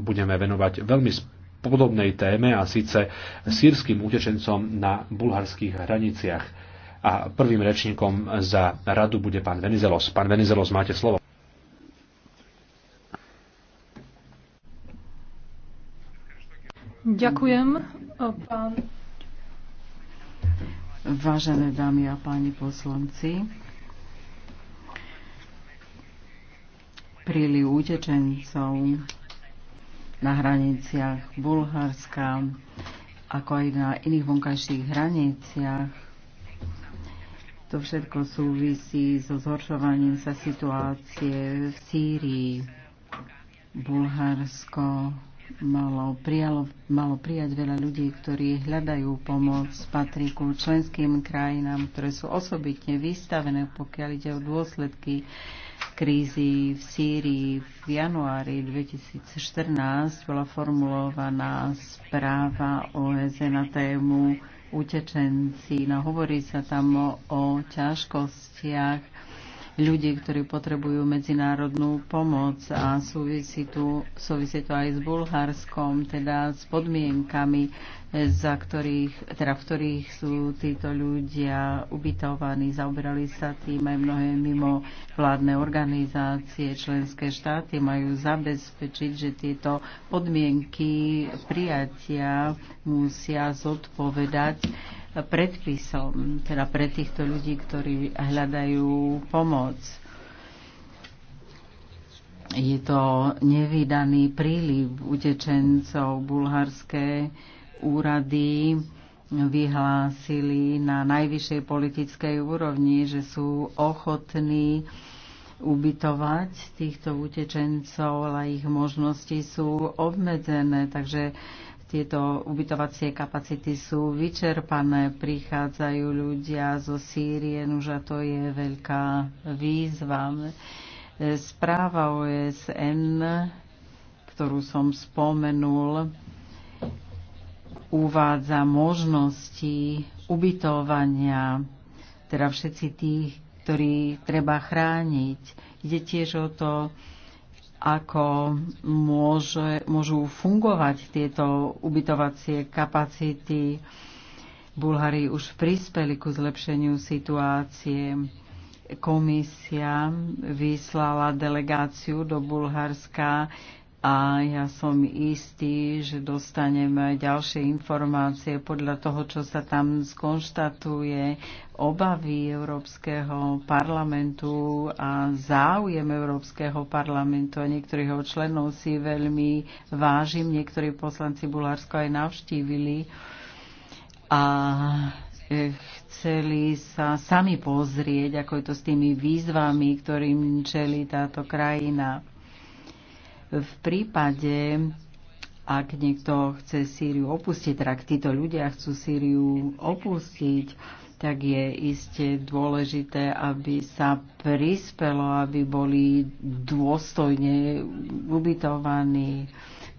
budeme venovať veľmi podobnej téme a síce sírským utečencom na bulharských hraniciach. A prvým rečníkom za radu bude pán Venizelos. Pán Venizelos, máte slovo. Ďakujem, pán. Vážené dámy a páni poslanci, príliv utečencov na hraniciach Bulharska, ako aj na iných vonkajších hraniciach. To všetko súvisí so zhoršovaním sa situácie v Sýrii. Bulharsko malo, prijalo, malo prijať veľa ľudí, ktorí hľadajú pomoc patrí ku členským krajinám, ktoré sú osobitne vystavené, pokiaľ ide o dôsledky krízy v Sýrii v januári 2014 bola formulovaná správa OSN e na tému utečenci. No, hovorí sa tam o, o ťažkostiach ľudí, ktorí potrebujú medzinárodnú pomoc a súvisí, tu, súvisí to aj s Bulharskom, teda s podmienkami, eh, za ktorých, teda v ktorých sú títo ľudia ubytovaní. Zaoberali sa tým aj mnohé mimo vládne organizácie, členské štáty majú zabezpečiť, že tieto podmienky prijatia musia zodpovedať predpisom, teda pre týchto ľudí, ktorí hľadajú pomoc. Je to nevydaný príliv utečencov. Bulharské úrady vyhlásili na najvyššej politickej úrovni, že sú ochotní ubytovať týchto utečencov, ale ich možnosti sú obmedzené. Takže tieto ubytovacie kapacity sú vyčerpané, prichádzajú ľudia zo Sýrie, už a to je veľká výzva. Správa OSN, ktorú som spomenul, uvádza možnosti ubytovania, teda všetci tých, ktorí treba chrániť. Ide tiež o to ako môže, môžu fungovať tieto ubytovacie kapacity. Bulhári už prispeli ku zlepšeniu situácie. Komisia vyslala delegáciu do Bulharska a ja som istý, že dostaneme ďalšie informácie podľa toho, čo sa tam skonštatuje, obavy Európskeho parlamentu a záujem Európskeho parlamentu a niektorých členov si veľmi vážim. Niektorí poslanci Bulharsko aj navštívili a e, chceli sa sami pozrieť, ako je to s tými výzvami, ktorým čelí táto krajina v prípade, ak niekto chce Sýriu opustiť, tak teda ak títo ľudia chcú Sýriu opustiť, tak je iste dôležité, aby sa prispelo, aby boli dôstojne ubytovaní.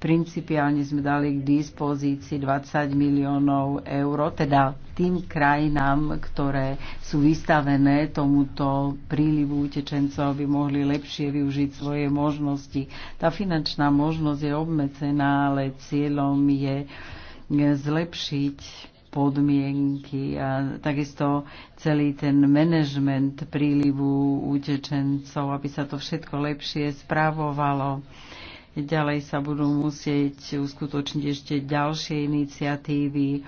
Principiálne sme dali k dispozícii 20 miliónov eur, teda tým krajinám, ktoré sú vystavené tomuto prílivu utečencov, aby mohli lepšie využiť svoje možnosti. Tá finančná možnosť je obmedzená, ale cieľom je zlepšiť podmienky a takisto celý ten manažment prílivu utečencov, aby sa to všetko lepšie spravovalo. Ďalej sa budú musieť uskutočniť ešte ďalšie iniciatívy,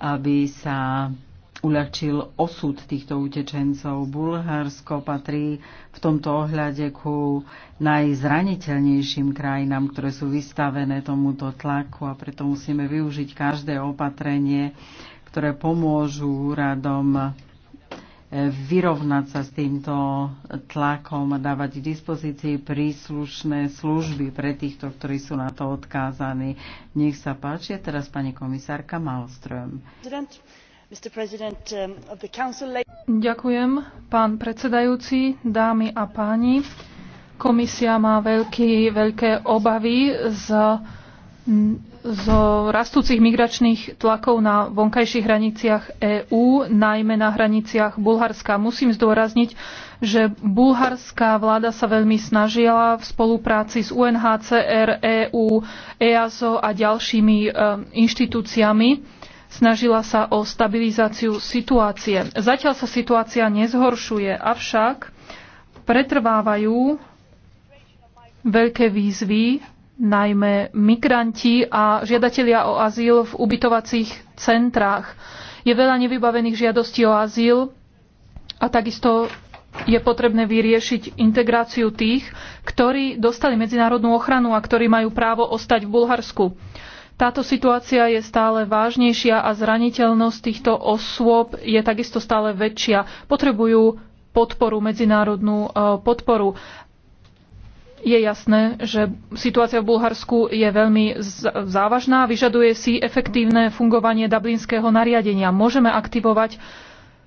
aby sa uľahčil osud týchto utečencov. Bulharsko patrí v tomto ohľade ku najzraniteľnejším krajinám, ktoré sú vystavené tomuto tlaku a preto musíme využiť každé opatrenie, ktoré pomôžu úradom vyrovnať sa s týmto tlakom a dávať k dispozícii príslušné služby pre týchto, ktorí sú na to odkázaní. Nech sa páči, teraz pani komisárka Malström. Um, Ďakujem, pán predsedajúci, dámy a páni. Komisia má veľký, veľké obavy z z rastúcich migračných tlakov na vonkajších hraniciach EÚ, najmä na hraniciach Bulharska. Musím zdôrazniť, že bulharská vláda sa veľmi snažila v spolupráci s UNHCR, EÚ, EASO a ďalšími e, inštitúciami. Snažila sa o stabilizáciu situácie. Zatiaľ sa situácia nezhoršuje, avšak pretrvávajú veľké výzvy najmä migranti a žiadatelia o azyl v ubytovacích centrách. Je veľa nevybavených žiadostí o azyl a takisto je potrebné vyriešiť integráciu tých, ktorí dostali medzinárodnú ochranu a ktorí majú právo ostať v Bulharsku. Táto situácia je stále vážnejšia a zraniteľnosť týchto osôb je takisto stále väčšia. Potrebujú podporu, medzinárodnú eh, podporu je jasné, že situácia v Bulharsku je veľmi závažná, vyžaduje si efektívne fungovanie dublinského nariadenia. Môžeme aktivovať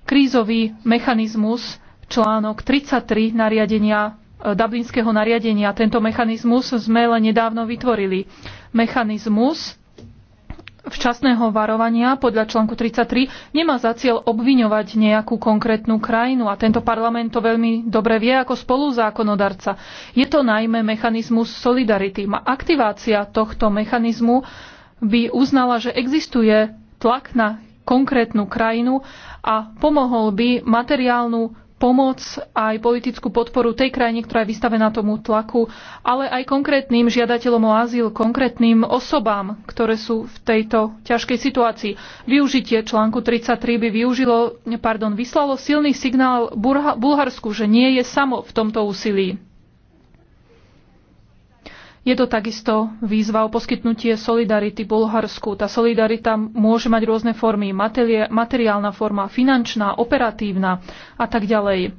krízový mechanizmus článok 33 nariadenia e, Dublinského nariadenia. Tento mechanizmus sme len nedávno vytvorili. Mechanizmus včasného varovania podľa článku 33 nemá za cieľ obviňovať nejakú konkrétnu krajinu a tento parlament to veľmi dobre vie ako spoluzákonodarca. Je to najmä mechanizmus solidarity. A aktivácia tohto mechanizmu by uznala, že existuje tlak na konkrétnu krajinu a pomohol by materiálnu pomoc aj politickú podporu tej krajine, ktorá je vystavená tomu tlaku, ale aj konkrétnym žiadateľom o azyl, konkrétnym osobám, ktoré sú v tejto ťažkej situácii. Využitie článku 33 by využilo, pardon, vyslalo silný signál Bulharsku, že nie je samo v tomto úsilí. Je to takisto výzva o poskytnutie solidarity Bulharsku. Tá solidarita môže mať rôzne formy, materiálna forma, finančná, operatívna a tak ďalej.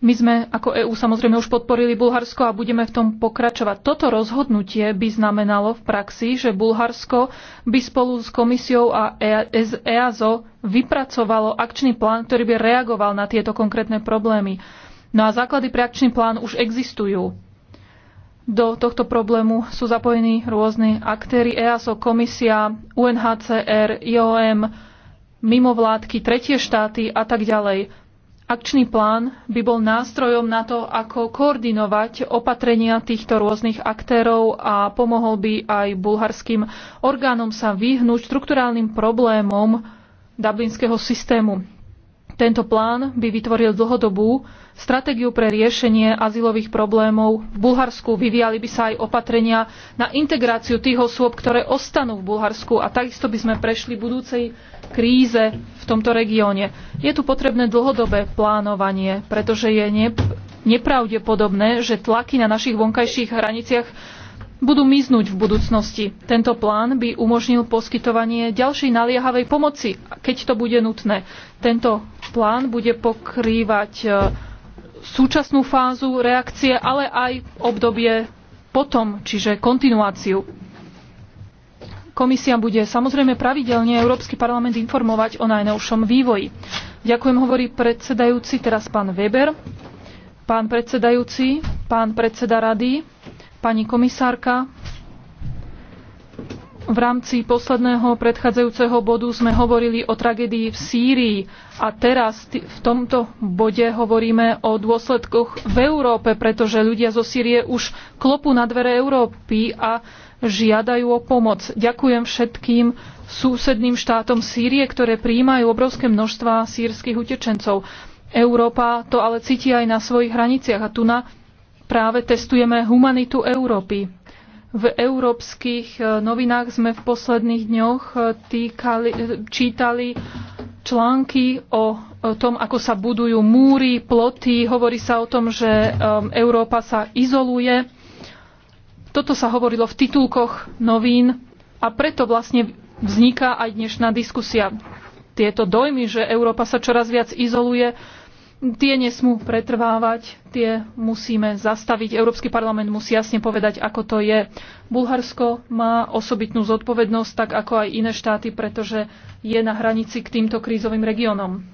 My sme ako EÚ samozrejme už podporili Bulharsko a budeme v tom pokračovať. Toto rozhodnutie by znamenalo v praxi, že Bulharsko by spolu s komisiou a EASO e vypracovalo akčný plán, ktorý by reagoval na tieto konkrétne problémy. No a základy pre akčný plán už existujú. Do tohto problému sú zapojení rôzni aktéry EASO, komisia, UNHCR, IOM, mimovládky, tretie štáty a tak ďalej. Akčný plán by bol nástrojom na to, ako koordinovať opatrenia týchto rôznych aktérov a pomohol by aj bulharským orgánom sa vyhnúť štrukturálnym problémom dublinského systému. Tento plán by vytvoril dlhodobú stratégiu pre riešenie azylových problémov. V Bulharsku vyvíjali by sa aj opatrenia na integráciu tých osôb, ktoré ostanú v Bulharsku a takisto by sme prešli budúcej kríze v tomto regióne. Je tu potrebné dlhodobé plánovanie, pretože je nepravdepodobné, že tlaky na našich vonkajších hraniciach budú miznúť v budúcnosti. Tento plán by umožnil poskytovanie ďalšej naliehavej pomoci, keď to bude nutné. Tento plán bude pokrývať e, súčasnú fázu reakcie, ale aj obdobie potom, čiže kontinuáciu. Komisia bude samozrejme pravidelne Európsky parlament informovať o najnovšom vývoji. Ďakujem, hovorí predsedajúci, teraz pán Weber, pán predsedajúci, pán predseda rady, pani komisárka, v rámci posledného predchádzajúceho bodu sme hovorili o tragédii v Sýrii a teraz v tomto bode hovoríme o dôsledkoch v Európe, pretože ľudia zo Sýrie už klopú na dvere Európy a žiadajú o pomoc. Ďakujem všetkým susedným štátom Sýrie, ktoré prijímajú obrovské množstva sírskych utečencov. Európa to ale cíti aj na svojich hraniciach a tu na práve testujeme humanitu Európy. V európskych e, novinách sme v posledných dňoch e, týkali, e, čítali články o tom, ako sa budujú múry, ploty. Hovorí sa o tom, že Európa sa izoluje. Toto sa hovorilo v titulkoch novín a preto vlastne vzniká aj dnešná diskusia. Tieto dojmy, že Európa sa čoraz viac izoluje, tie nesmú pretrvávať, tie musíme zastaviť. Európsky parlament musí jasne povedať, ako to je. Bulharsko má osobitnú zodpovednosť, tak ako aj iné štáty, pretože je na hranici k týmto krízovým regiónom.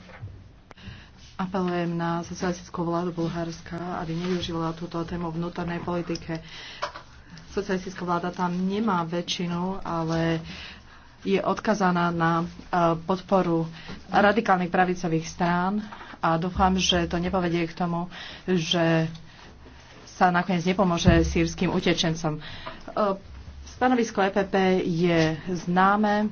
Apelujem na socialistickú vládu Bulharska, aby nevyužívala túto tému vnútornej politike. Socialistická vláda tam nemá väčšinu, ale je odkazaná na eh, podporu radikálnych pravicových strán a dúfam, že to nepovedie k tomu, že sa nakoniec nepomôže sírským utečencom e, Stanovisko EPP je známe. E,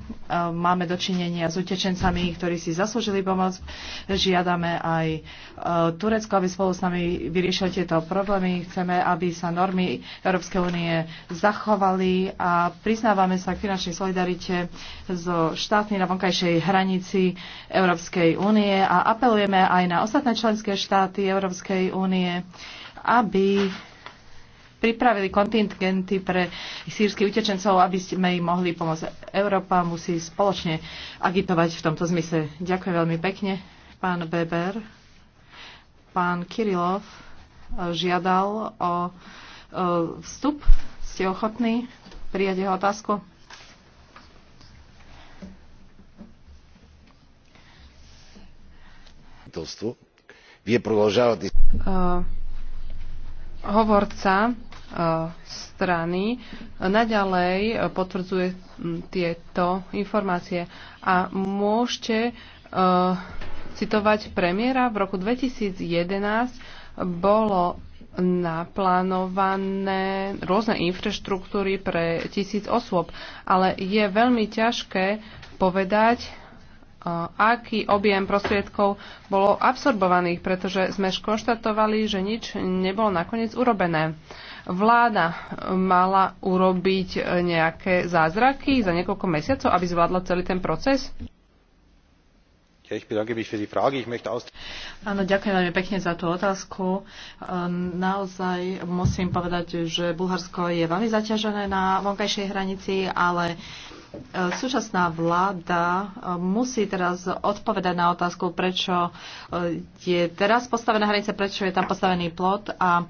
máme dočinenia s utečencami, ktorí si zaslúžili pomoc. Žiadame aj e, Turecko, aby spolu s nami vyriešilo tieto problémy. Chceme, aby sa normy Európskej únie zachovali a priznávame sa k finančnej solidarite so štátmi na vonkajšej hranici Európskej únie a apelujeme aj na ostatné členské štáty Európskej únie, aby pripravili kontingenty pre sírskych utečencov, aby sme im mohli pomôcť. Európa musí spoločne agitovať v tomto zmysle. Ďakujem veľmi pekne, pán Beber. Pán Kirilov eh, žiadal o eh, vstup. Ste ochotní prijať jeho otázku? правителство strany naďalej potvrdzuje mm, tieto informácie. A môžete e, citovať premiéra. V roku 2011 bolo naplánované rôzne infraštruktúry pre tisíc osôb, ale je veľmi ťažké povedať, aký objem prostriedkov bolo absorbovaných, pretože sme skonštatovali, že nič nebolo nakoniec urobené. Vláda mala urobiť e, nejaké zázraky za niekoľko mesiacov, aby zvládla celý ten proces? Áno, ďakujem veľmi pekne za tú otázku. Ehm, naozaj musím povedať, že Bulharsko je veľmi zaťažené na vonkajšej hranici, ale E, súčasná vláda e, musí teraz odpovedať na otázku, prečo e, je teraz postavená hranica, prečo je tam postavený plot a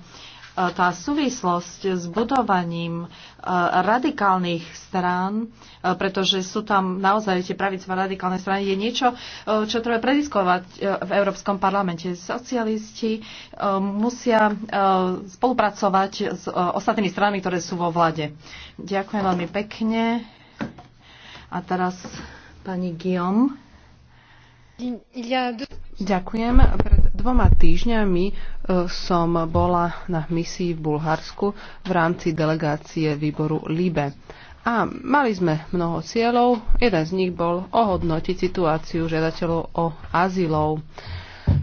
tá súvislosť s budovaním radikálnych strán, pretože sú tam naozaj tie pravicové radikálne strany, je niečo, čo treba prediskovať v Európskom parlamente. Socialisti musia spolupracovať s ostatnými stranami, ktoré sú vo vlade. Ďakujem veľmi pekne. A teraz pani Guillaume. Ďakujem. Pred dvoma týždňami e, som bola na misii v Bulharsku v rámci delegácie výboru LIBE. A mali sme mnoho cieľov. Jeden z nich bol ohodnotiť situáciu žiadateľov o azylov,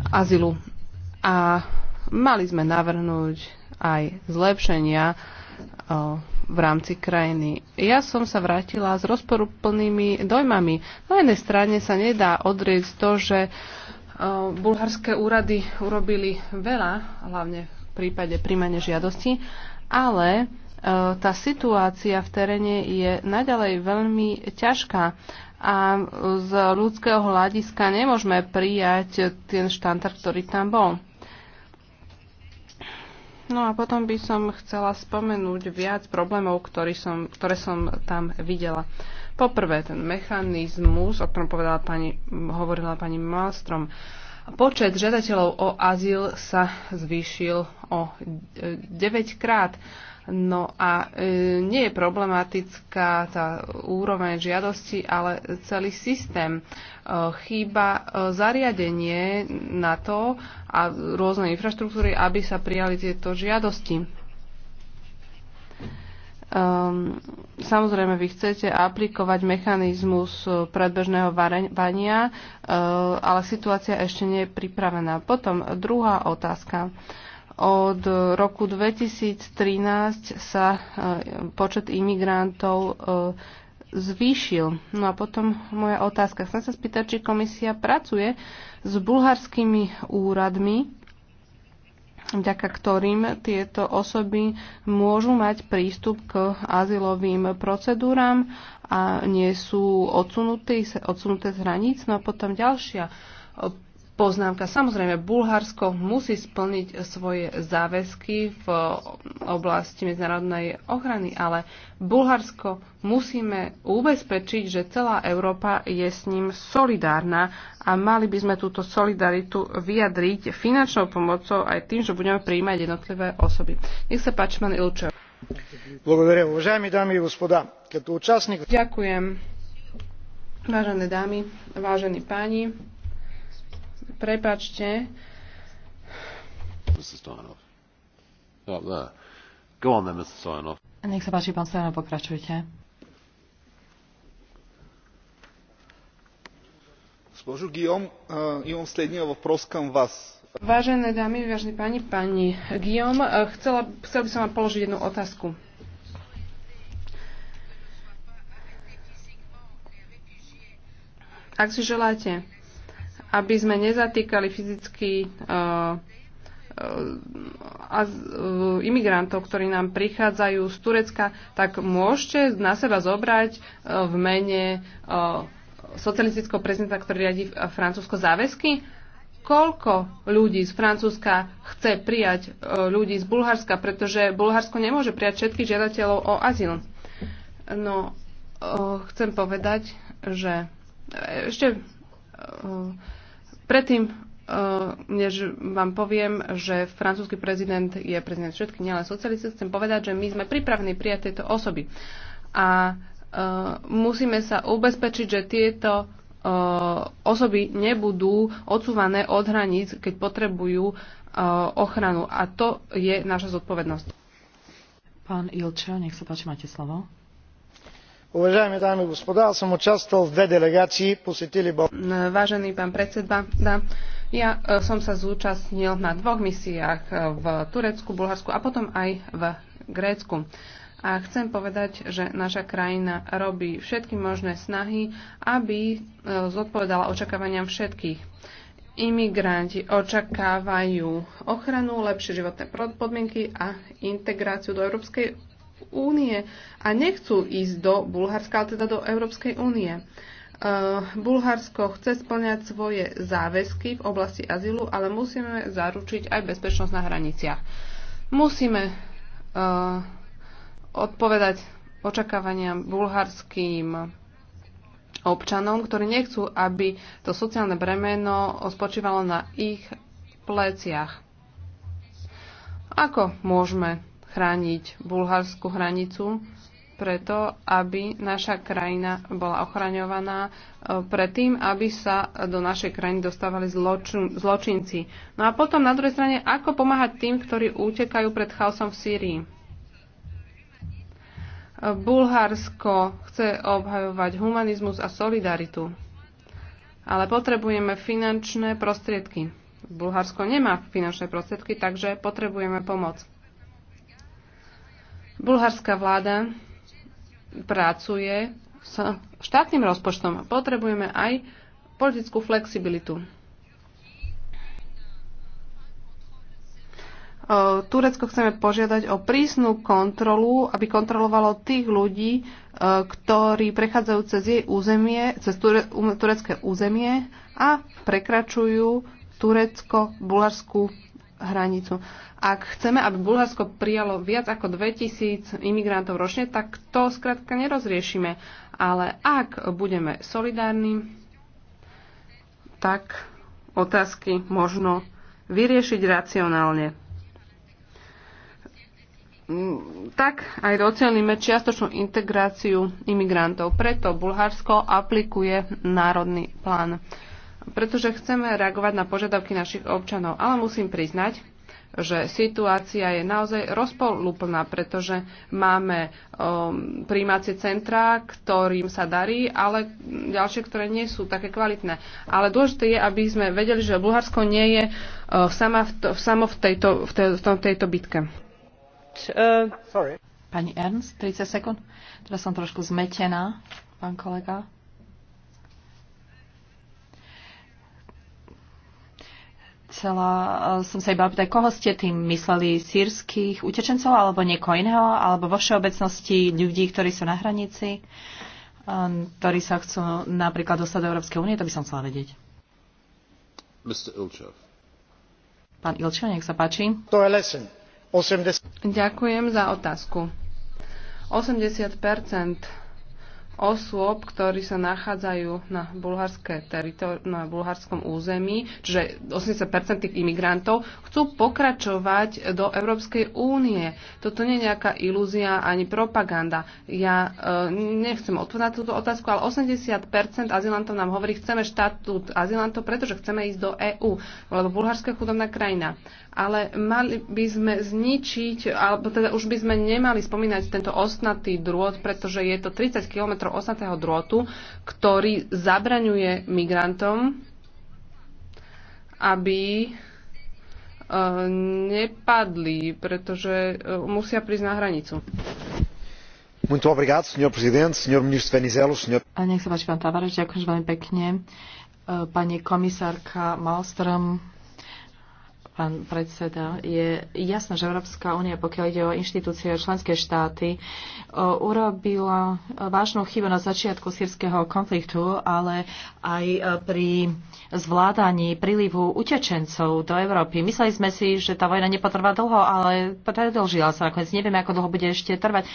azylu. A mali sme navrhnúť aj zlepšenia e, v rámci krajiny. Ja som sa vrátila s rozporuplnými dojmami. Na jednej strane sa nedá odrieť to, že e, bulharské úrady urobili veľa, hlavne v prípade príjmania žiadosti, ale e, tá situácia v teréne je naďalej veľmi ťažká a z ľudského hľadiska nemôžeme prijať ten štandard, ktorý tam bol. No a potom by som chcela spomenúť viac problémov, ktorý som, ktoré som tam videla. Poprvé, ten mechanizmus, o ktorom povedala pani, hovorila pani Malstrom, počet žiadateľov o azyl sa zvýšil o 9 e, krát. No a e, nie je problematická tá úroveň žiadosti, ale celý systém. E, chýba e, zariadenie na to a rôzne infraštruktúry, aby sa prijali tieto žiadosti. Um, samozrejme, vy chcete aplikovať mechanizmus e, predbežného varenia, uh, e, ale situácia ešte nie je pripravená. Potom druhá otázka. Uh, od roku 2013 sa e, počet imigrantov e, zvýšil. No a potom moja otázka. Chcem sa spýtať, či komisia pracuje s bulharskými úradmi, vďaka ktorým tieto osoby môžu mať prístup k azylovým procedúram a nie sú odsunuté, odsunuté z hraníc. No a potom ďalšia poznámka. Samozrejme, Bulharsko musí splniť svoje záväzky v oblasti medzinárodnej ochrany, ale Bulharsko musíme ubezpečiť, že celá Európa je s ním solidárna a mali by sme túto solidaritu vyjadriť finančnou pomocou aj tým, že budeme prijímať jednotlivé osoby. Nech sa páči, pán Ilčev. Ďakujem. Vážené dámy, vážení páni, Prepačte. Nech sa páči, pán Stojanov, pokračujte. Госпожо Гиом, имам следния въпрос към вас. Vážené dámy, vážení páni, pani Guillaume, uh, chcela, chcel by som vám položiť jednu otázku. Ak si želáte, aby sme nezatýkali fyzicky uh, imigrantov, ktorí nám prichádzajú z Turecka, tak môžete na seba zobrať v mene socialistického prezidenta, ktorý riadi Francúzsko záväzky? Koľko ľudí z Francúzska chce prijať ľudí z Bulharska, pretože Bulharsko nemôže prijať všetkých žiadateľov o azyl? No, chcem povedať, že ešte Predtým, eh, než vám poviem, že francúzsky prezident je prezident všetky, nielen socialista, chcem povedať, že my sme pripravení prijať tieto osoby. A eh, musíme sa ubezpečiť, že tieto eh, osoby nebudú odsúvané od hraníc, keď potrebujú ochranu. A to je naša zodpovednosť. Pán Ilčo, nech sa páči, máte slovo. Уважаеми дами и господа, аз съм участвал в две делегации, посетили България. Vážený pán predseda, da, ja som sa zúčastnil na dvoch misiách v Turecku, Bulharsku a potom aj v Grécku. A chcem povedať, že naša krajina robí všetky možné snahy, aby zodpovedala očakávaniam všetkých. Imigranti očakávajú ochranu, lepšie životné podmienky a integráciu do Európskej únie a nechcú ísť do Bulharska, ale teda do Európskej únie. E, Bulharsko chce splňať svoje záväzky v oblasti azylu, ale musíme zaručiť aj bezpečnosť na hraniciach. Musíme uh, odpovedať očakávaniam bulharským občanom, ktorí nechcú, aby to sociálne bremeno spočívalo na ich pleciach. Ako môžeme chrániť bulharskú hranicu preto, aby naša krajina bola ochraňovaná e, predtým, aby sa do našej krajiny dostávali zločin, zločinci. No a potom na druhej strane, ako pomáhať tým, ktorí utekajú pred chaosom v Sýrii. E, Bulharsko chce obhajovať humanizmus a solidaritu, ale potrebujeme finančné prostriedky. Bulharsko nemá finančné prostriedky, takže potrebujeme pomoc. Bulharská vláda pracuje s štátnym rozpočtom. Potrebujeme aj politickú flexibilitu. Turecko chceme požiadať o prísnu kontrolu, aby kontrolovalo tých ľudí, ktorí prechádzajú cez jej územie, cez um, turecké územie a prekračujú turecko-bulharskú hranicu. Ak chceme, aby Bulharsko prijalo viac ako 2000 imigrantov ročne, tak to skrátka nerozriešime. Ale ak budeme solidárni, tak otázky možno vyriešiť racionálne. Tak aj docelíme čiastočnú integráciu imigrantov. Preto Bulharsko aplikuje národný plán pretože chceme reagovať na požiadavky našich občanov. Ale musím priznať, že situácia je naozaj rozpolúplná, pretože máme um, príjímacie centrá, ktorým sa darí, ale ďalšie, ktoré nie sú také kvalitné. Ale dôležité je, aby sme vedeli, že Bulharsko nie je uh, sama v to, samo v tejto, v, te, v tom, tejto bitke. Uh, sorry. Pani Ernst, 30 sekúnd. Teraz som trošku zmetená, pán kolega. chcela eh, som sa iba opýtať, koho ste tým mysleli, sírskych utečencov alebo niekoho iného, alebo vo všeobecnosti ľudí, ktorí sú na hranici, eh, ktorí sa chcú napríklad dostať do Európskej únie, to by som chcela vedieť. Mr. Ilčov. Pán Ilčov, nech sa páči. To je lesen. 80... Ďakujem za otázku. 80 osôb, ktorí sa nachádzajú na, teritor- na bulharskom území, čiže 80% tých imigrantov, chcú pokračovať do Európskej únie. Toto nie je nejaká ilúzia ani propaganda. Ja e, nechcem odpovedať túto otázku, ale 80% azylantov nám hovorí, chceme štatút azylantov, pretože chceme ísť do EÚ, lebo bulharska je chudobná krajina ale mali by sme zničiť, alebo teda už by sme nemali spomínať tento osnatý drôt, pretože je to 30 km osnatého drôtu, ktorý zabraňuje migrantom, aby e, nepadli, pretože e, musia prísť na hranicu. Muito obrigado, senhor presidente, senhor ministro Venizelo, senhor... A nech sa páči, pán Tavares, ďakujem veľmi pekne. E, pani komisárka Malström, pán predseda. Je jasné, že Európska únia, pokiaľ ide o inštitúcie a členské štáty, urobila vážnu chybu na začiatku sírskeho konfliktu, ale aj e, pri zvládaní prílivu utečencov do Európy. Mysleli sme si, že tá vojna nepotrvá dlho, ale predlžila sa nakoniec. Nevieme, ako dlho bude ešte trvať.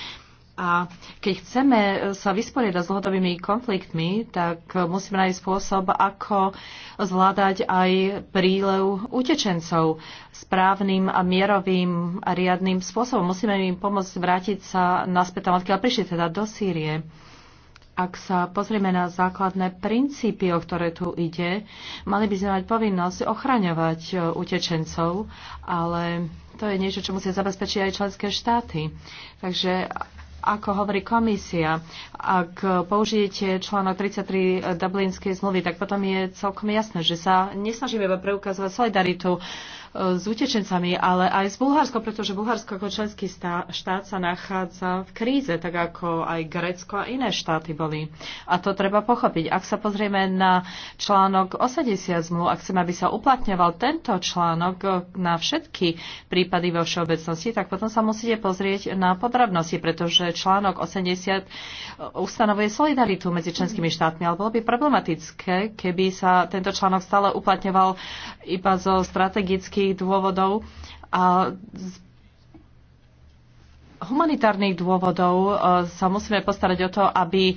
A keď chceme e, sa vysporiadať s dlhodobými konfliktmi, tak e, musíme nájsť spôsob, ako zvládať aj prílev utečencov správnym a mierovým a riadným spôsobom. Musíme im pomôcť vrátiť sa naspäť tam, odkiaľ prišli, teda do Sýrie. Ak sa pozrieme na základné princípy, o ktoré tu ide, mali by sme mať povinnosť ochraňovať e, utečencov, ale to je niečo, čo musia zabezpečiť aj členské štáty. Takže ako hovorí komisia, ak použijete článok 33 Dublinskej zmluvy, tak potom je celkom jasné, že sa nesnažíme iba preukazovať solidaritu s utečencami, ale aj s Bulharskom, pretože Bulharsko ako členský štát sa nachádza v kríze, tak ako aj Grécko a iné štáty boli. A to treba pochopiť. Ak sa pozrieme na článok 80 zmluv, ak chceme, aby sa uplatňoval tento článok na všetky prípady vo všeobecnosti, tak potom sa musíte pozrieť na podrobnosti, pretože článok 80 e, ustanovuje solidaritu medzi členskými štátmi, ale bolo by problematické, keby sa tento článok stále uplatňoval iba zo strategických politických dôvodov a z humanitárnych dôvodov e, sa musíme postarať o to, aby e,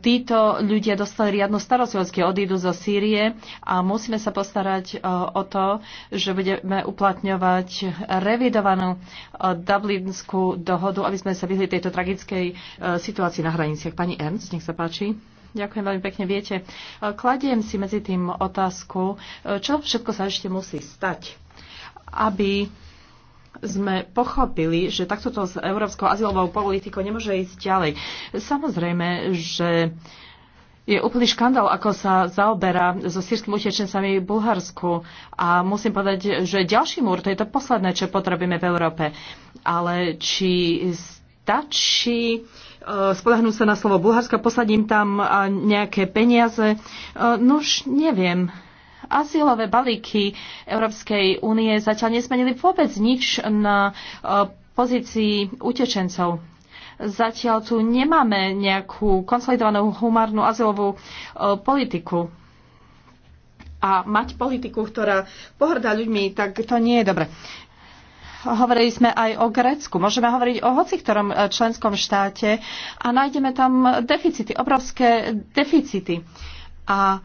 títo ľudia dostali riadnu starostlivosť, keď odídu zo Sýrie a musíme sa postarať e, o to, že budeme uplatňovať revidovanú Dublinskú dohodu, aby sme sa vyhli tejto tragickej situácii na hraniciach. Pani Ernst, nech sa páči. Ďakujem veľmi pekne. Viete, kladiem si medzi tým otázku, čo všetko sa ešte musí stať aby sme pochopili, že takto to s európskou azylovou politikou nemôže ísť ďalej. Samozrejme, že je úplný škandál, ako sa zaoberá so sírskými utečencami v Bulharsku. A musím povedať, že ďalší múr, to je to posledné, čo potrebujeme v Európe. Ale či stačí e, spolahnúť sa na slovo Bulharska, posadím tam e, nejaké peniaze. E, no už neviem. Azylové balíky Európskej únie zatiaľ nesmenili vôbec nič na e, pozícii utečencov. Zatiaľ tu nemáme nejakú konsolidovanú humárnu azylovú e, politiku. A mať politiku, ktorá pohrdá ľuďmi, tak to nie je dobre hovorili sme aj o Grécku. Môžeme hovoriť o hoci ktorom e, členskom štáte a nájdeme tam deficity, obrovské deficity. A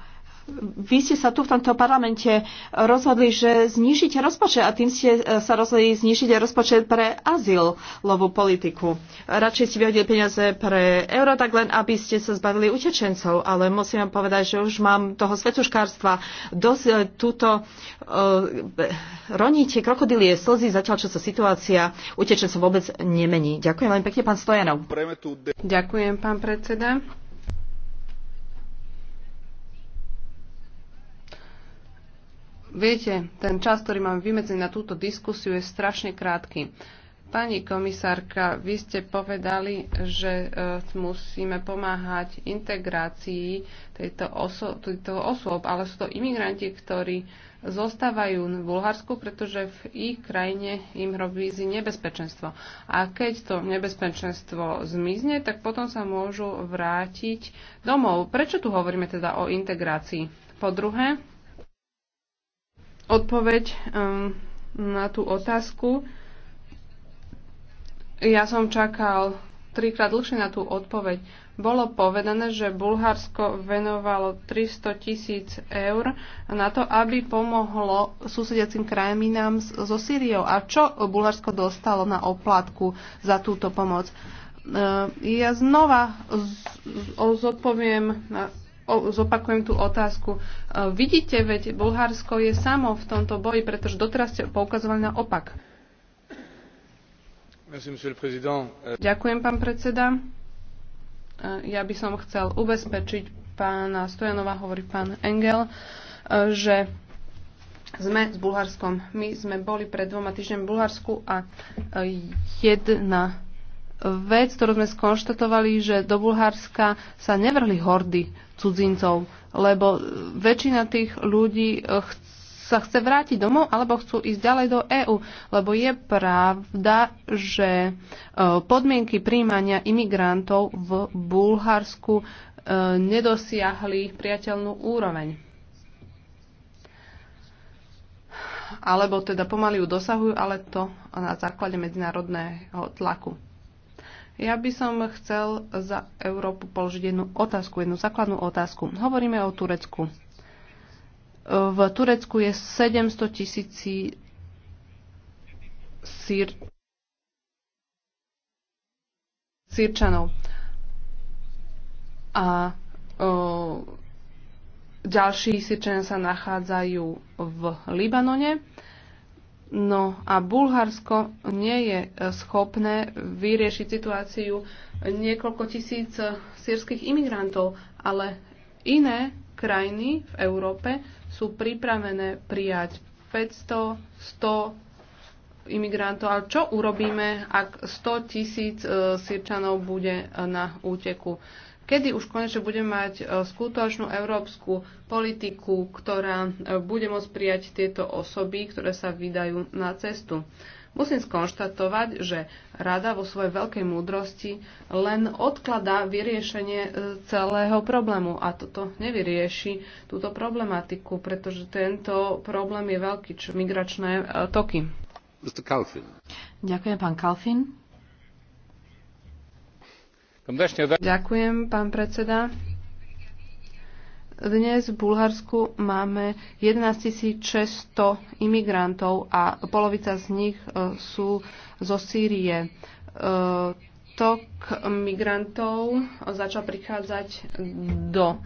vy ste sa tu v tomto parlamente rozhodli, že znižíte rozpočet a tým ste e, sa rozhodli znižiť rozpočet pre azylovú politiku. Radšej ste vyhodili peniaze pre euro, tak len aby ste sa zbavili utečencov. Ale musím vám povedať, že už mám toho svetuškárstva dosť e, túto uh, e, roníte krokodilie slzy, zatiaľ čo sa situácia utečencov vôbec nemení. Ďakujem veľmi pekne, pán Stojanov. Ďakujem, pán predseda. Viete, ten čas, ktorý mám vymedzený na túto diskusiu, je strašne krátky. Pani komisárka, vy ste povedali, že e, musíme pomáhať integrácii tejto oso- tejto osôb, ale sú to imigranti, ktorí zostávajú v Bulharsku, pretože v ich krajine im robí nebezpečenstvo. A keď to nebezpečenstvo zmizne, tak potom sa môžu vrátiť domov. Prečo tu hovoríme teda o integrácii? Po druhé, odpoveď um, na tú otázku. Ja som čakal trikrát dlhšie na tú odpoveď. Bolo povedané, že Bulharsko venovalo 300 tisíc eur na to, aby pomohlo susediacim krajinám so Syriou. A čo Bulharsko dostalo na oplatku za túto pomoc? Uh, ja znova zodpoviem na zopakujem tú otázku. E, vidíte, veď Bulharsko je samo v tomto boji, pretože doteraz ste poukazovali na opak. E, Ďakujem, pán predseda. E, ja by som chcel ubezpečiť pána Stojanova, hovorí pán Engel, že sme s Bulharskom. My sme boli pred dvoma týždňami v Bulharsku a jedna vec, ktorú sme skonštatovali, že do Bulharska sa nevrhli hordy cudzincov, lebo väčšina tých ľudí eh, chce sa chce vrátiť domov alebo chcú ísť ďalej do EÚ, lebo je pravda, že eh, podmienky príjmania imigrantov v Bulharsku eh, nedosiahli priateľnú úroveň. Alebo teda pomaly ju dosahujú, ale to na základe medzinárodného tlaku. Ja by som chcel za Európu položiť jednu otázku, jednu základnú otázku. Hovoríme o Turecku. V Turecku je 700 tisíc sír... sírčanov. A o, ďalší sírčania sa nachádzajú v Libanone No a Bulharsko nie je e, schopné vyriešiť situáciu niekoľko tisíc e, sírskych imigrantov, ale iné krajiny v Európe sú pripravené prijať 500, 100 imigrantov. Ale čo urobíme, ak 100 tisíc e, sírčanov bude na úteku? Kedy už konečne budeme mať e, skutočnú európsku politiku, ktorá e, bude môcť prijať tieto osoby, ktoré sa vydajú na cestu? Musím skonštatovať, že rada vo svojej veľkej múdrosti len odkladá vyriešenie e, celého problému a toto nevyrieši túto problematiku, pretože tento problém je veľký, čo migračné toky. Ďakujem, pán Kalfin. Ďakujem, pán predseda. Dnes v Bulharsku máme 11 600 imigrantov a polovica z nich e, sú zo Sýrie. E, tok migrantov začal prichádzať do e,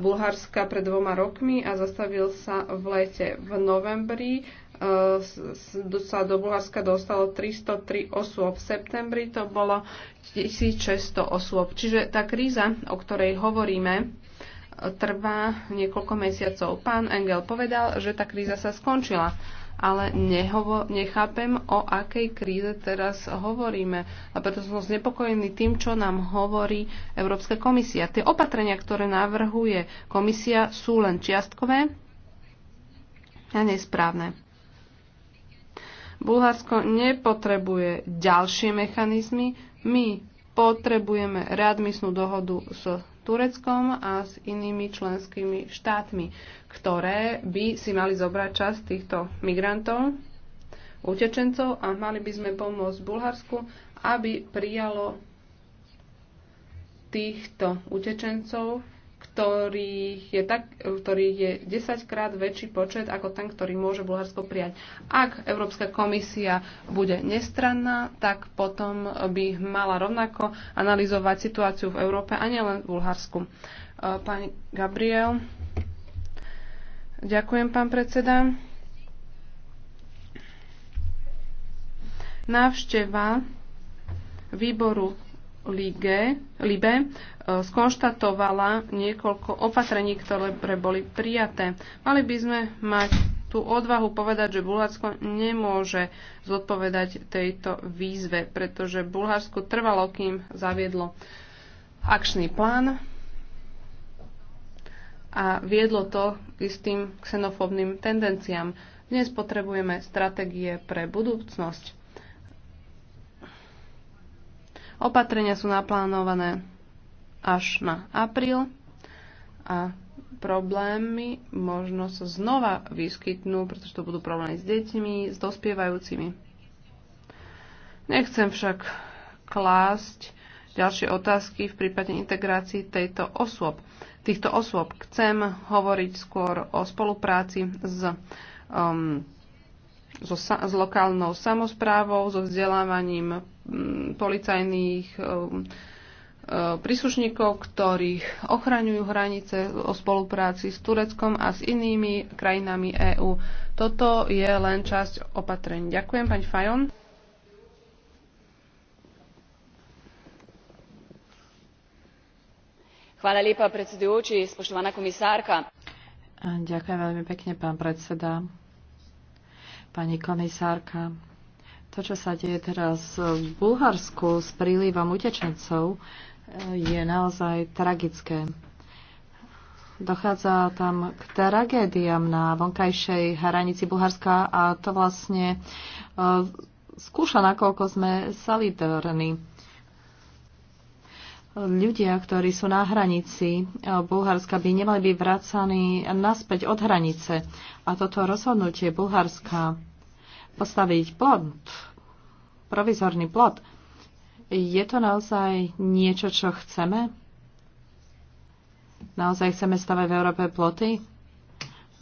Bulharska pred dvoma rokmi a zastavil sa v lete. V novembri E, sa do Bulharska dostalo 303 osôb. V septembri to bolo 1600 osôb. Čiže tá kríza, o ktorej hovoríme, e, trvá niekoľko mesiacov. Pán Engel povedal, že tá kríza sa skončila, ale nehovo- nechápem, o akej kríze teraz hovoríme. A preto som znepokojený tým, čo nám hovorí Európska komisia. Tie opatrenia, ktoré navrhuje komisia, sú len čiastkové a nesprávne. Bulharsko nepotrebuje ďalšie mechanizmy. My potrebujeme readmisnú dohodu s Tureckom a s inými členskými štátmi, ktoré by si mali zobrať časť týchto migrantov, utečencov a mali by sme pomôcť Bulharsku, aby prijalo týchto utečencov ktorých je, tak, ktorých je 10 krát väčší počet ako ten, ktorý môže Bulharsko prijať. Ak Európska komisia bude nestranná, tak potom by mala rovnako analyzovať situáciu v Európe a nielen v Bulharsku. E, pán Gabriel. Ďakujem, pán predseda. Návšteva výboru Lige, Libe e, skonštatovala niekoľko opatrení, ktoré boli prijaté. Mali by sme mať tú odvahu povedať, že Bulharsko nemôže zodpovedať tejto výzve, pretože Bulharsko trvalo, kým zaviedlo akčný plán a viedlo to k istým xenofóbnym tendenciám. Dnes potrebujeme stratégie pre budúcnosť. Opatrenia sú naplánované až na apríl a problémy možno sa znova vyskytnú, pretože to budú problémy s deťmi, s dospievajúcimi. Nechcem však klásť ďalšie otázky v prípade integrácii tejto osôb. Týchto osôb chcem hovoriť skôr o spolupráci s, um, so, s lokálnou samozprávou, so vzdelávaním Mm, policajných eh, eh, príslušníkov, ktorých ochraňujú hranice o spolupráci s Tureckom a s inými krajinami EÚ. Toto je len časť opatrení. Ďakujem, pani Fajon. Hvala lepa, predsedujúči, spoštovaná komisárka. Ďakujem veľmi pekne, pán predseda, pani komisárka. To, čo sa deje teraz v Bulharsku s prílivom utečencov, je naozaj tragické. Dochádza tam k tragédiám na vonkajšej hranici Bulharska a to vlastne e, skúša, nakoľko sme solidárni. Ľudia, ktorí sú na hranici e, Bulharska, by nemali byť vracaní naspäť od hranice. A toto rozhodnutie Bulharska postaviť plot, provizorný plot, je to naozaj niečo, čo chceme? Naozaj chceme stavať v Európe ploty?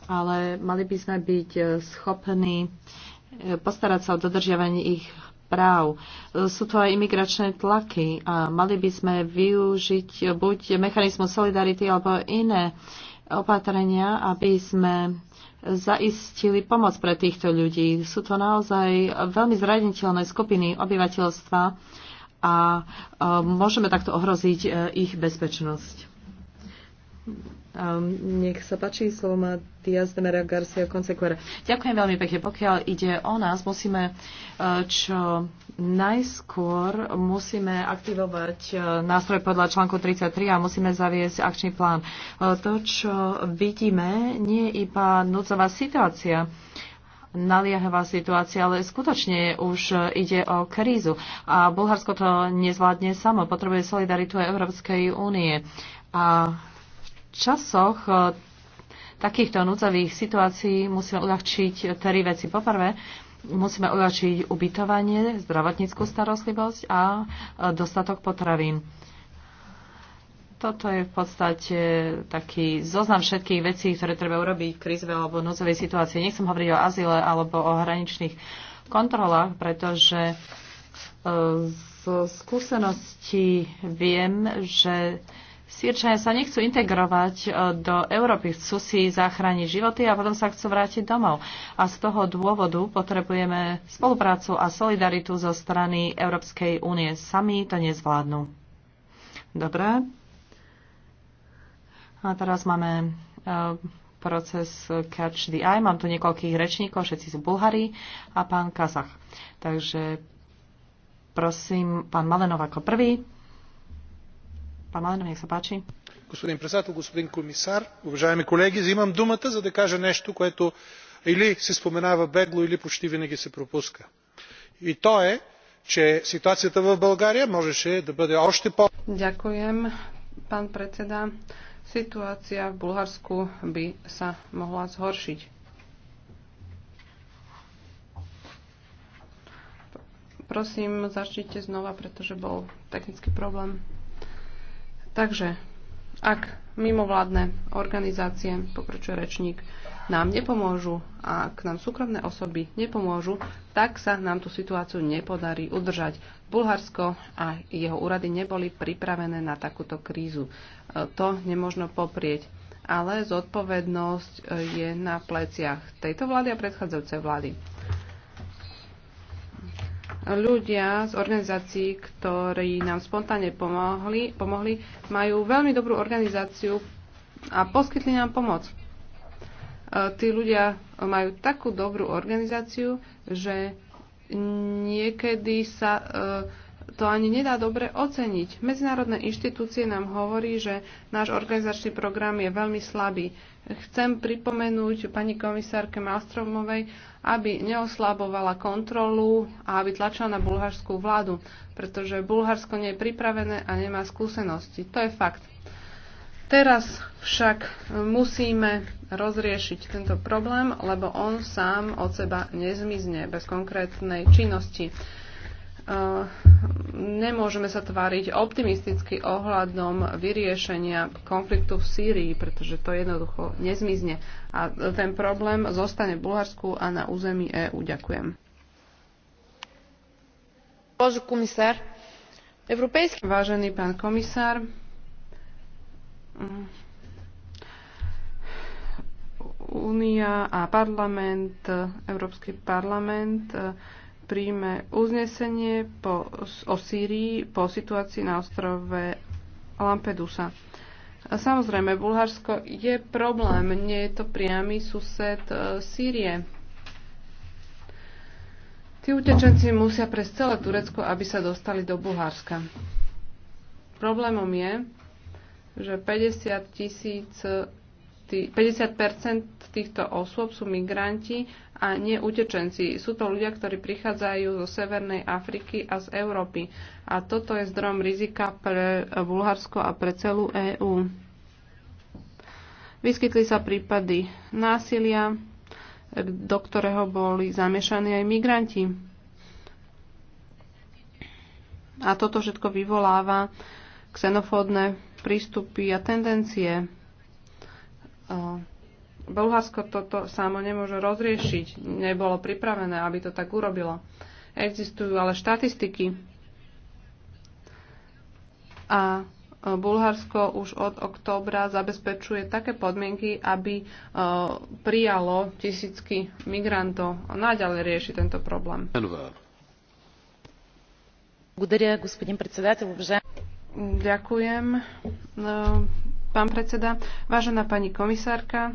Ale mali by sme byť e, schopní e, postarať sa o dodržiavanie ich práv. E, sú to aj imigračné tlaky a mali by sme využiť buď mechanizmus solidarity alebo iné opatrenia, aby sme zaistili pomoc pre týchto ľudí. Sú to naozaj veľmi zraniteľné skupiny obyvateľstva a e, môžeme takto ohroziť e, ich bezpečnosť. Um, nech sa páči, slovo má Diaz de Mera Garcia Consecuera. Ďakujem veľmi pekne. Pokiaľ ide o nás, musíme e, čo najskôr musíme aktivovať e, nástroj podľa článku 33 a musíme zaviesť akčný plán. E, to, čo vidíme, nie je iba núdzová situácia, naliehavá situácia, ale skutočne už ide o krízu. A Bulharsko to nezvládne samo. Potrebuje solidaritu Európskej únie. A časoch e, takýchto núdzových situácií musíme uľahčiť tri veci. Poprvé, musíme uľahčiť ubytovanie, zdravotníckú starostlivosť a e, dostatok potravín. Toto je v podstate taký zoznam všetkých vecí, ktoré treba urobiť v krízve alebo núdzovej situácii. Nechcem hovoriť o azile alebo o hraničných kontrolách, pretože e, zo skúsenosti viem, že Sýrčania sa nechcú integrovať e, do Európy, chcú si zachrániť životy a potom sa chcú vrátiť domov. A z toho dôvodu potrebujeme spoluprácu a solidaritu zo strany Európskej únie. Sami to nezvládnu. Dobre. A teraz máme e, proces Catch the Eye. Mám tu niekoľkých rečníkov, všetci sú Bulhari a pán Kazach. Takže prosím, pán Malenov ako prvý. Pán Malenov, нech се пачи. Господин председател, господин комисар, уважаеми колеги, взимам думата, за да кажа нещо, което или се споменава бегло, или почти винаги се пропуска. И то е, че ситуацията в България можеше да бъде още по... Ďakujem, pán predseda. Situácia v Bulharsku by sa mohla zhoršiť. Prosím, začnite znova, pretože bol technický problém. Takže, ak mimovládne organizácie, pokračuje rečník, nám nepomôžu a ak nám súkromné osoby nepomôžu, tak sa nám tú situáciu nepodarí udržať. Bulharsko a jeho úrady neboli pripravené na takúto krízu. E, to nemôžno poprieť. Ale zodpovednosť e, je na pleciach tejto vlády a predchádzajúcej vlády ľudia z organizácií, ktorí nám spontánne pomohli, pomohli, majú veľmi dobrú organizáciu a poskytli nám pomoc. E, tí ľudia majú takú dobrú organizáciu, že niekedy sa uh, to ani nedá dobre oceniť. Medzinárodné inštitúcie nám hovorí, že náš organizačný program je veľmi slabý. Chcem pripomenúť pani komisárke Malstromovej, aby neoslabovala kontrolu a aby tlačila na bulharskú vládu, pretože Bulharsko nie je pripravené a nemá skúsenosti. To je fakt. Teraz však musíme rozriešiť tento problém, lebo on sám od seba nezmizne bez konkrétnej činnosti. Eh, nemôžeme sa tváriť optimisticky ohľadom vyriešenia konfliktu v Sýrii, pretože to jednoducho nezmizne. A ten problém zostane v Bulharsku a na území EÚ. Ďakujem. Vážený pán komisár, Únia a parlament, Európsky parlament príjme uznesenie po, o Sýrii po situácii na ostrove Lampedusa. A samozrejme, Bulharsko je problém, nie je to priamy sused e, Sýrie. Tí utečenci musia prejsť celé Turecko, aby sa dostali do Bulharska. Problémom je, že 50 tisíc 50 týchto osôb sú migranti a nie utečenci. Sú to ľudia, ktorí prichádzajú zo Severnej Afriky a z Európy. A toto je zdrom rizika pre Bulharsko a pre celú EÚ. Vyskytli sa prípady násilia, do ktorého boli zamiešaní aj migranti. A toto všetko vyvoláva xenofódne prístupy a tendencie. Bulharsko toto samo nemôže rozriešiť. Nebolo pripravené, aby to tak urobilo. Existujú ale štatistiky. A e, Bulharsko už od októbra zabezpečuje také podmienky, aby e, prijalo tisícky migrantov. Naďalej rieši tento problém. Ďakujem. Pán predseda, vážená pani komisárka,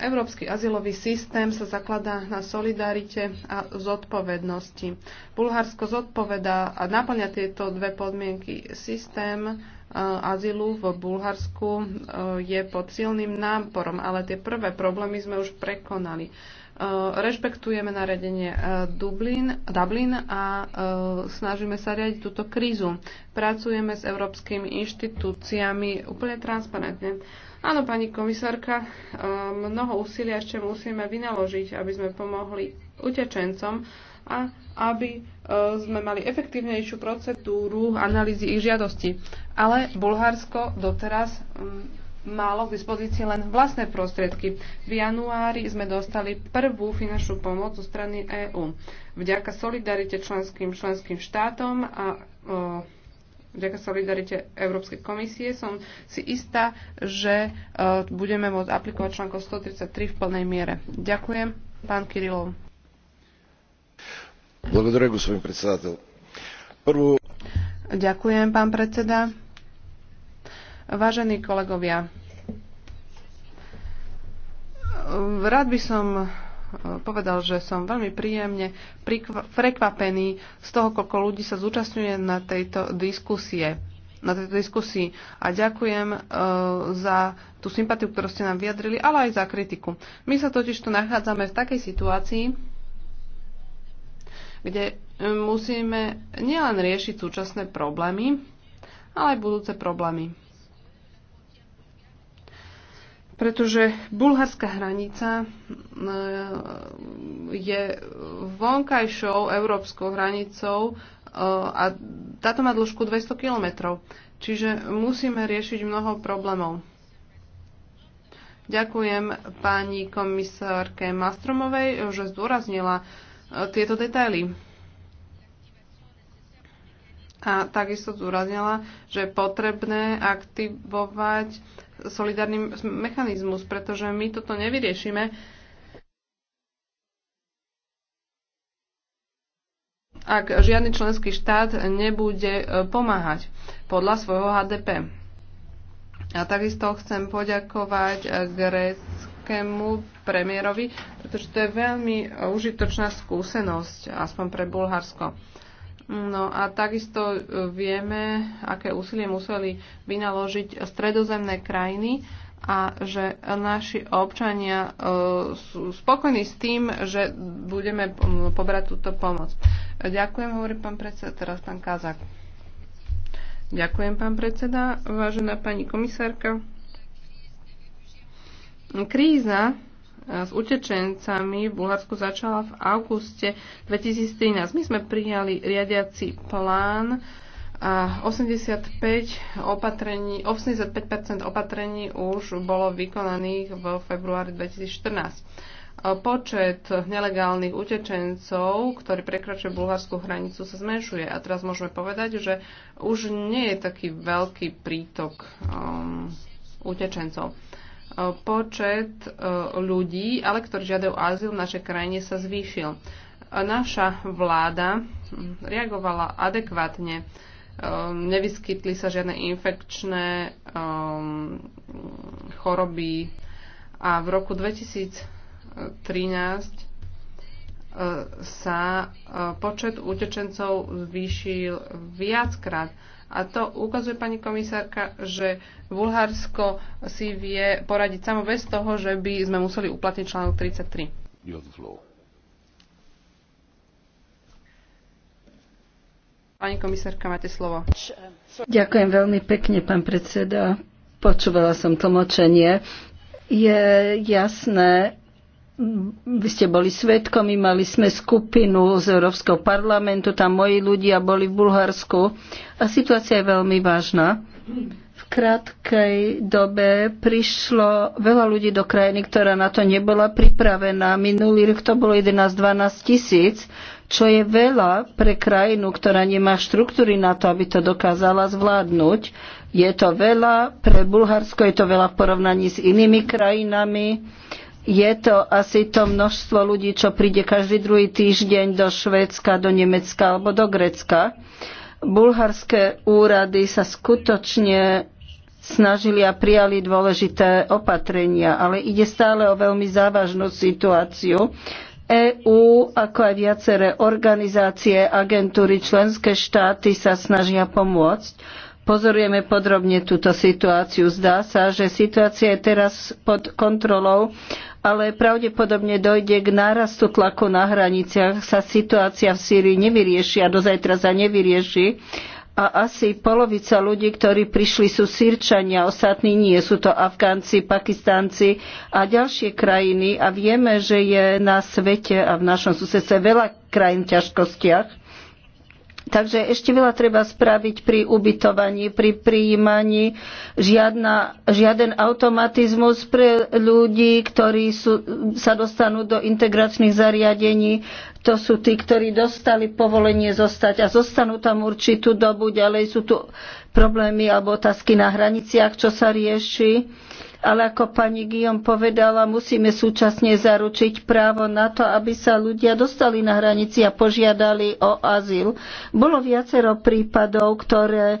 Európsky azylový systém sa zakladá na solidarite a zodpovednosti. Bulharsko zodpovedá a naplňa tieto dve podmienky. Systém e, azylu v Bulharsku e, je pod silným náporom, ale tie prvé problémy sme už prekonali. Eh, rešpektujeme naredenie eh, Dublin, Dublin a eh, snažíme sa riadiť túto krízu. Pracujeme s európskymi inštitúciami úplne transparentne. Áno, pani komisárka, mnoho úsilia ešte musíme vynaložiť, aby sme pomohli utečencom a aby sme mali efektívnejšiu procedúru analýzy ich žiadosti. Ale Bulharsko doteraz mm, Málo k dispozícii len vlastné prostriedky. V januári sme dostali prvú finančnú pomoc zo strany EÚ. Vďaka solidarite členským členským štátom a o, vďaka solidarite Európskej komisie som si istá, že o, budeme môcť aplikovať článko 133 v plnej miere. Ďakujem. Pán Kirilov. Благодаря, господин председател. Ďakujem, pán predseda. Vážení kolegovia, rád by som eh, povedal, že som veľmi príjemne prekvapený z toho, koľko ľudí sa zúčastňuje na tejto diskusie na tejto diskusii a ďakujem e, za tú sympatiu, ktorú ste nám vyjadrili, ale aj za kritiku. My sa totiž tu nachádzame v takej situácii, kde eh, musíme nielen riešiť súčasné problémy, ale aj budúce problémy pretože bulharská hranica e, je vonkajšou európskou hranicou e, a táto má dĺžku 200 kilometrov. Čiže musíme riešiť mnoho problémov. Ďakujem pani komisárke Mastromovej, že zdôraznila e, tieto detaily. A takisto zdôraznila, že je potrebné aktivovať solidárny mechanizmus, pretože my toto nevyriešime. ak žiadny členský štát nebude e, pomáhať podľa svojho HDP. A takisto chcem poďakovať e, gréckému premiérovi, pretože to je veľmi e, užitočná skúsenosť, aspoň pre Bulharsko. No a takisto e, vieme, aké úsilie museli vynaložiť stredozemné krajiny a že naši občania e, sú spokojní s tým, že budeme pobrať túto pomoc. Ďakujem, hovorí pán predseda, teraz pán Kazak. Ďakujem, pán predseda, vážená pani komisárka. Kríza s utečencami v Bulharsku začala v auguste 2013. My sme prijali riadiaci plán a 85 opatrení, 85 opatrení už bolo vykonaných v februári 2014. Počet nelegálnych utečencov, ktorí prekračujú bulharskú hranicu, sa zmenšuje. A teraz môžeme povedať, že už nie je taký veľký prítok um, utečencov počet e, ľudí, ale ktorí žiadajú azyl v našej krajine sa zvýšil. Naša vláda reagovala adekvátne. E, nevyskytli sa žiadne infekčné e, choroby a v roku 2013 sa počet utečencov zvýšil viackrát a to ukazuje pani komisárka, že Bulharsko si vie poradiť samo bez toho, že by sme museli uplatniť článok 33. Pani komisárka, máte slovo. Ďakujem veľmi pekne, pán predseda. Počúvala som tlmočenie. Je jasné, vy ste boli svetkomi, mali sme skupinu z Európskeho parlamentu, tam moji ľudia boli v Bulharsku a situácia je veľmi vážna. V krátkej dobe prišlo veľa ľudí do krajiny, ktorá na to nebola pripravená. Minulý rok to bolo 11-12 tisíc, čo je veľa pre krajinu, ktorá nemá štruktúry na to, aby to dokázala zvládnuť. Je to veľa, pre Bulharsko je to veľa v porovnaní s inými krajinami je to asi to množstvo ľudí, čo príde každý druhý týždeň do Švédska, do Nemecka alebo do Grécka. Bulharské úrady sa skutočne snažili a prijali dôležité opatrenia, ale ide stále o veľmi závažnú situáciu. EÚ, ako aj viaceré organizácie, agentúry, členské štáty sa snažia pomôcť. Pozorujeme podrobne túto situáciu. Zdá sa, že situácia je teraz pod kontrolou, ale pravdepodobne dojde k nárastu tlaku na hraniciach, sa situácia v Sýrii nevyrieši a do zajtra sa nevyrieši. A asi polovica ľudí, ktorí prišli, sú Sýrčania, ostatní nie. Sú to Afgánci, Pakistánci a ďalšie krajiny. A vieme, že je na svete a v našom susedstve veľa krajín v ťažkostiach Takže ešte veľa treba spraviť pri ubytovaní, pri prijímaní. Žiadna, žiaden automatizmus pre ľudí, ktorí sú, sa dostanú do integračných zariadení. To sú tí, ktorí dostali povolenie zostať a zostanú tam určitú dobu. Ďalej sú tu problémy alebo otázky na hraniciach, čo sa rieši ale ako pani Guillaume povedala, musíme súčasne zaručiť právo na to, aby sa ľudia dostali na hranici a požiadali o azyl. Bolo viacero prípadov, ktoré e,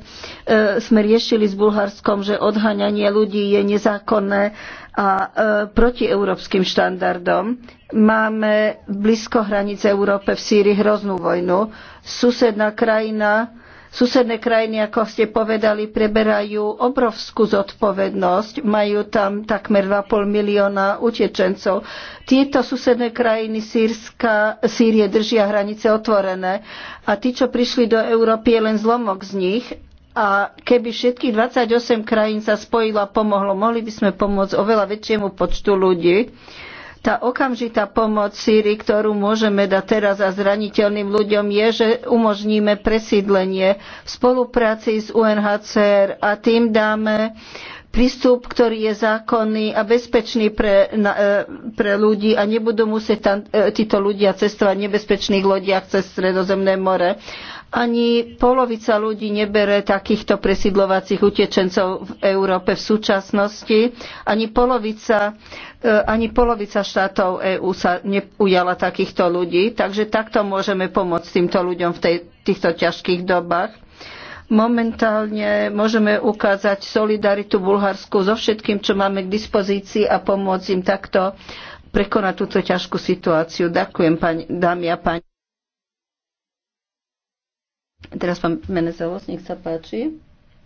sme riešili s Bulharskom, že odhaňanie ľudí je nezákonné a e, proti európskym štandardom. Máme blízko hranice Európe v Sýrii hroznú vojnu. Susedná krajina Susedné krajiny, ako ste povedali, preberajú obrovskú zodpovednosť. Majú tam takmer 2,5 milióna utečencov. Tieto susedné krajiny Sýrska, Sýrie držia hranice otvorené a tí, čo prišli do Európy, je len zlomok z nich. A keby všetkých 28 krajín sa spojilo a pomohlo, mohli by sme pomôcť oveľa väčšiemu počtu ľudí. Tá okamžitá pomoc Sýrii, ktorú môžeme dať teraz a zraniteľným ľuďom, je, že umožníme presídlenie v spolupráci s UNHCR a tým dáme prístup, ktorý je zákonný a bezpečný pre, na, e, pre ľudí a nebudú musieť tam, e, títo ľudia cestovať v nebezpečných lodiach cez Stredozemné more. Ani polovica ľudí nebere takýchto presídlovacích utečencov v Európe v súčasnosti. Ani polovica, eh, ani polovica štátov EÚ sa neujala takýchto ľudí. Takže takto môžeme pomôcť týmto ľuďom v tej, týchto ťažkých dobách. Momentálne môžeme ukázať solidaritu Bulharsku so všetkým, čo máme k dispozícii a pomôcť im takto prekonať túto ťažkú situáciu. Ďakujem, pani, dámy a pani. Teraz pán Menezelos, nech sa páči.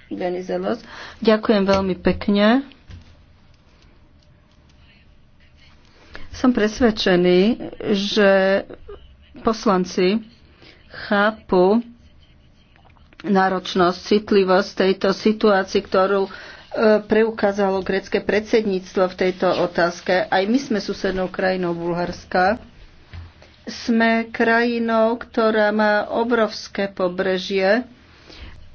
Venizelos. Ďakujem veľmi pekne. Som presvedčený, že poslanci chápu náročnosť, citlivosť tejto situácii, ktorú e, preukázalo grecké predsedníctvo v tejto otázke. Aj my sme susednou krajinou Bulharska sme krajinou, ktorá má obrovské pobrežie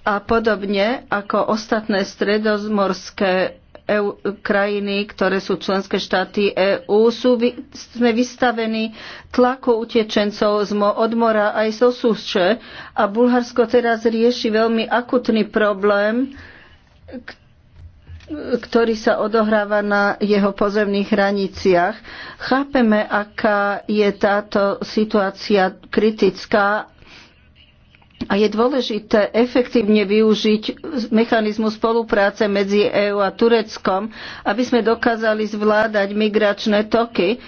a podobne ako ostatné stredozmorské EU, krajiny, ktoré sú členské štáty EÚ, sú, sme vystavení tlaku utečencov od mora aj zo súšče a Bulharsko teraz rieši veľmi akutný problém, ktorý sa odohráva na jeho pozemných hraniciach. Chápeme, aká je táto situácia kritická a je dôležité efektívne využiť mechanizmu spolupráce medzi EÚ a Tureckom, aby sme dokázali zvládať migračné toky.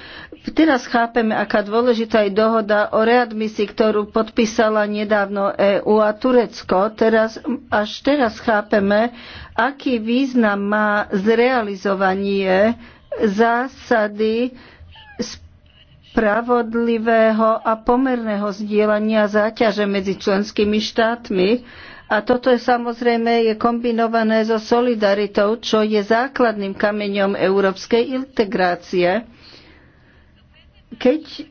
Teraz chápeme, aká dôležitá je dohoda o readmisii, ktorú podpísala nedávno EÚ a Turecko. Teraz, až teraz chápeme, aký význam má zrealizovanie zásady spravodlivého a pomerného zdieľania záťaže medzi členskými štátmi. A toto je samozrejme je kombinované so solidaritou, čo je základným kameňom európskej integrácie. Keď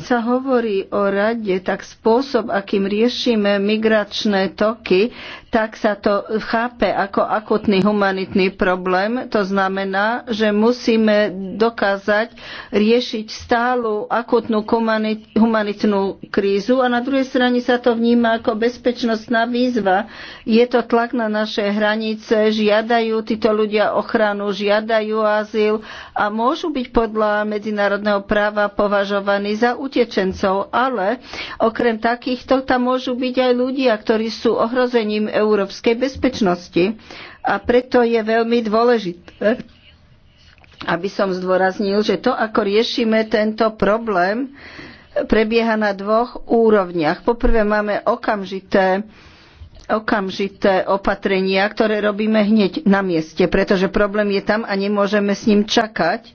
sa hovorí o rade, tak spôsob, akým riešime migračné toky, tak sa to chápe ako akutný humanitný problém. To znamená, že musíme dokázať riešiť stálu akutnú humanitnú krízu a na druhej strane sa to vníma ako bezpečnostná výzva. Je to tlak na naše hranice, žiadajú títo ľudia ochranu, žiadajú azyl a môžu byť podľa medzinárodného práva považovaní za utečencov, ale okrem takýchto tam môžu byť aj ľudia, ktorí sú ohrozením európskej bezpečnosti. A preto je veľmi dôležité, aby som zdôraznil, že to, ako riešime tento problém, prebieha na dvoch úrovniach. Poprvé máme okamžité okamžité opatrenia, ktoré robíme hneď na mieste, pretože problém je tam a nemôžeme s ním čakať.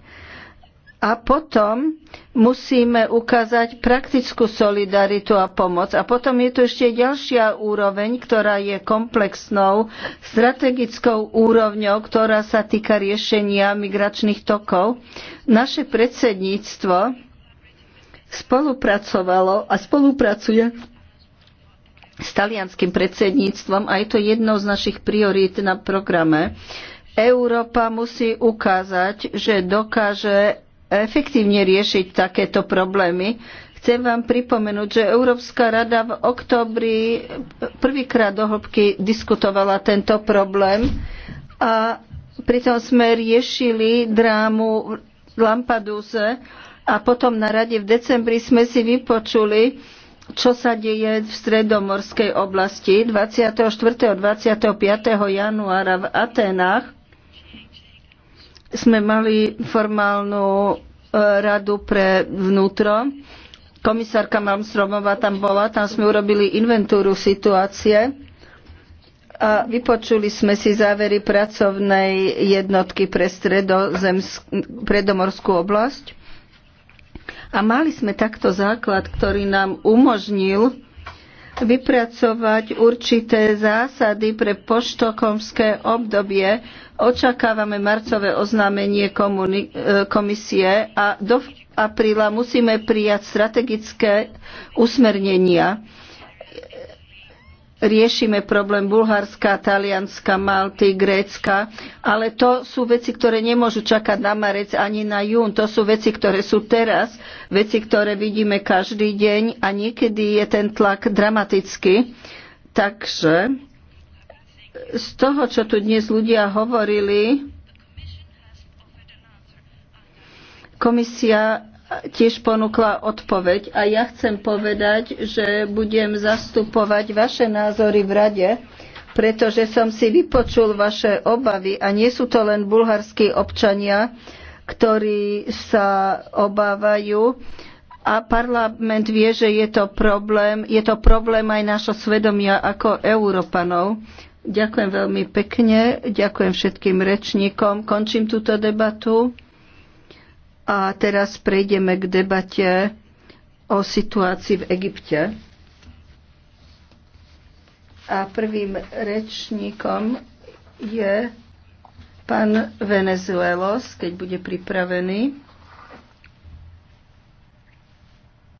A potom musíme ukázať praktickú solidaritu a pomoc. A potom je tu ešte ďalšia úroveň, ktorá je komplexnou strategickou úrovňou, ktorá sa týka riešenia migračných tokov. Naše predsedníctvo spolupracovalo a spolupracuje s talianským predsedníctvom a je to jednou z našich priorít na programe. Európa musí ukázať, že dokáže efektívne riešiť takéto problémy. Chcem vám pripomenúť, že Európska rada v oktobri prvýkrát do hĺbky diskutovala tento problém a pritom sme riešili drámu v Lampaduze a potom na rade v decembri sme si vypočuli, čo sa deje v stredomorskej oblasti 24. a 25. januára v Atenách sme mali formálnu e, radu pre vnútro. Komisárka Malmstromová tam bola, tam sme urobili inventúru situácie a vypočuli sme si závery pracovnej jednotky pre, pre predomorskú oblasť. A mali sme takto základ, ktorý nám umožnil vypracovať určité zásady pre poštokomské obdobie. Očakávame marcové oznámenie e, komisie a do apríla musíme prijať strategické usmernenia riešime problém Bulharska, Talianska, Malty, Grécka, ale to sú veci, ktoré nemôžu čakať na marec ani na jún. To sú veci, ktoré sú teraz, veci, ktoré vidíme každý deň a niekedy je ten tlak dramatický. Takže z toho, čo tu dnes ľudia hovorili, komisia tiež ponúkla odpoveď a ja chcem povedať, že budem zastupovať vaše názory v rade, pretože som si vypočul vaše obavy a nie sú to len bulharskí občania, ktorí sa obávajú a parlament vie, že je to problém, je to problém aj našho svedomia ako Európanov. Ďakujem veľmi pekne, ďakujem všetkým rečníkom, končím túto debatu. A teraz prejdeme k debate o situácii v Egypte. A prvým rečníkom je pán Venezuelos, keď bude pripravený.